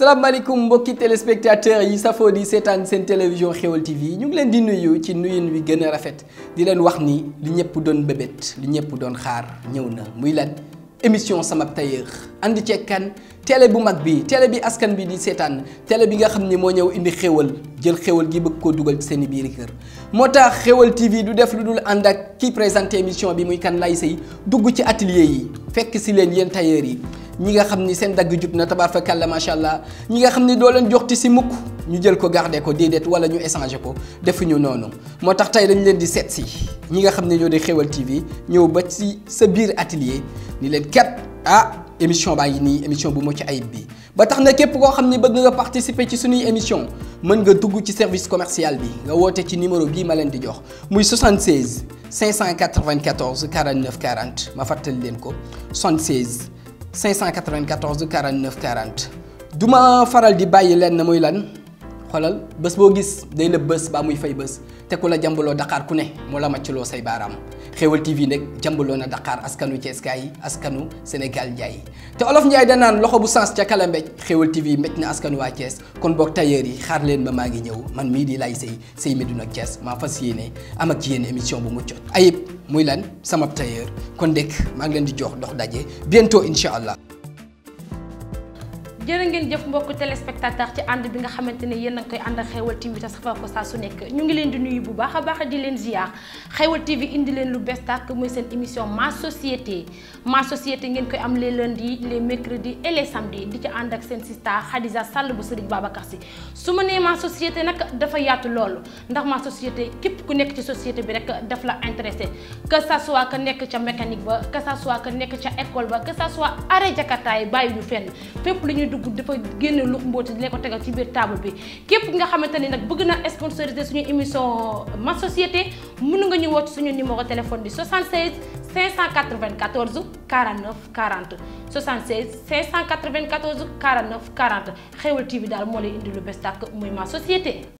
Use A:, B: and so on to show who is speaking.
A: alaikum, boki téléspectateurs, yi safo di setan sen télévision Reol TV ñu ngi leen di nuyu ci wi rafet di leen wax ni li ñepp doon li ñepp doon xaar fait. muy émission sama tailleur andi ci kan télé bu mag bi télé bi askan bi di télé bi nga ni ñew indi nous jël gi bëgg ko ci seen TV du def lu dul and ak présenter émission bi muy kan atelier leen ñi nga xamni ni seen dagg jub na tabaar fa kàlla macha allah ñi nga xamni do leen jox ti ci mukk ñu jël ko garder ko dedet wala ñu échanger ko defuñu ñu nonu motax tay dañ leen di setti ñi nga xamni ñoo di xewal TV ñew ba ci sa bir atelier ni leen kat ah émission baa ngi émission bu mo ci ayib bi ba tax na képp koo xam ne bëgg nga participer ci suñuy émission mën nga dugg ci service commercial bi nga woote ci numéro bii ma leen di jox muy 76 594 49 40 ma fàttali leen ko 76. 594 49 40 douma ma faral di bàyyi lenn muy lan xoolal bés boo gis day la bés baa muy fay bés te Dakar ku ne moo la màccloo say baaraam Xéweul TV nag jambolo na Dakar askanu Thiès yi askanu Sénégal njaay te Olof Njaay danaan loxo bu sens ca kala mbéj Xéweul TV mbéj na askanu waa Thiès kon boog tailleur yi xaar man mii di lay sëy sëy Médina Thiès Ma fas am ak ci yéen émission bu muy lan sama tailleur kon dekk maa ngi leen di jox dox daje bientôt incha allah
B: jërë ngeen jëf mbokk téléspectateur ci ànd bi nga xamante ne yéen a ngi koy ànd ak xewal TV te safar ko saa su nekk ñu ngi leen di nuyu bu baax a baax di leen ziar xewal TV indi leen lu bees tàkk mooy seen émission ma société ma société ngeen koy am lee les lundis les mercredis et les samedis di ci ànd ak seen sista Khadija Sall bu Serigne Babacar si su ma nee ma société nag dafa yaatu loolu ndax ma société képp ku nekk ci société bi rek daf la intéressé que ça soit nekk ca mécanique ba que ça soit que nekk ca école ba que ça soit arrêt jakataay bàyyi dugg dafa génne lu mbóoti di leen ko tegal ci biir taabu bi képp nga xamante ni nag bëgg na sponsoriser suñu émission ma société mën nga ñu woo ci suñu numéro téléphone bi 76 594 49 40 76 594 49 40 Xeweul TV daal moo lay indi lu bees tàkk muy ma société.